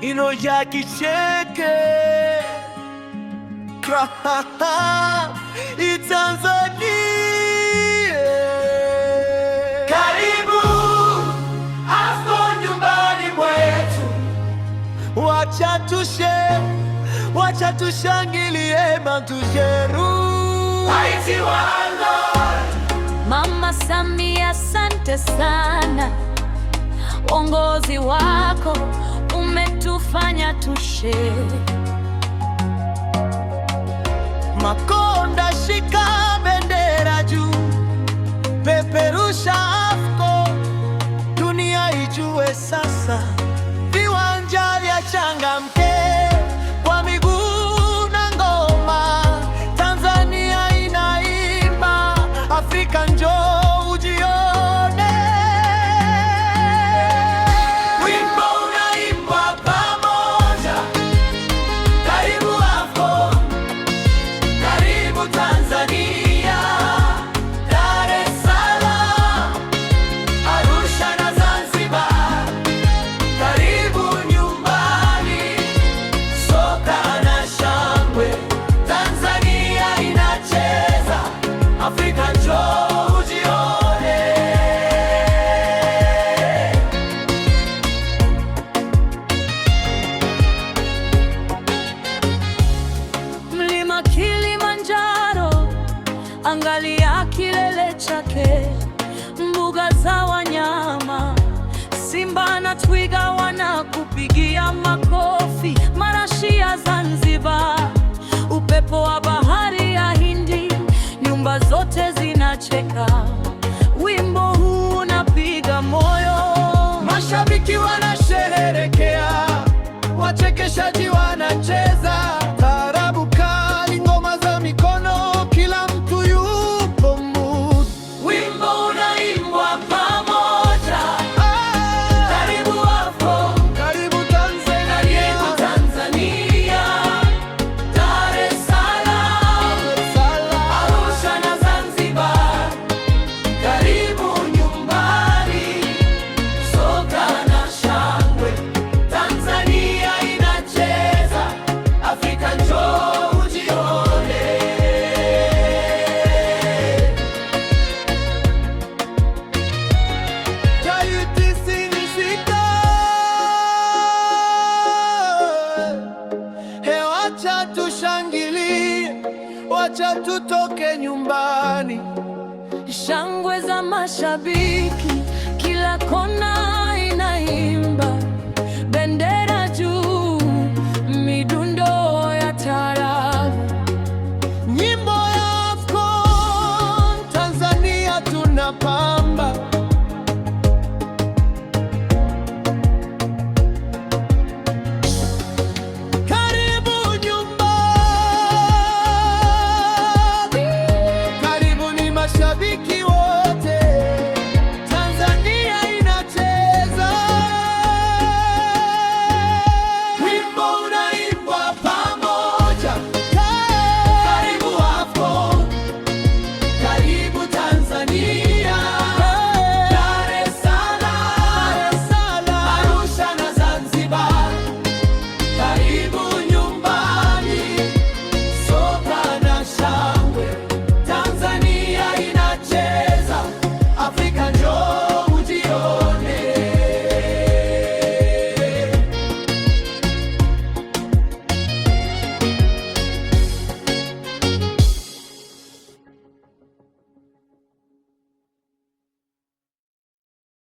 inojya kicheke Tanzania. Karibu AFCON nyumbani mwetu, wacha tushe, wacha tushangilie mantujeru Mama Samia, asante sana uongozi wako tufanya tushe Angalia kilele chake, mbuga za wanyama, simba na twiga wanakupigia makofi. Marashi ya Zanzibar, upepo wa bahari ya Hindi, nyumba zote zinacheka, wimbo huu unapiga moyo. Mashabiki wanasherehekea, wachekeshaji wanacheza wacha tutoke nyumbani. Shangwe za mashabiki kila kona inaimba, bendera juu, midundo ya tarabu, nyimbo ya AFCON Tanzania tunapa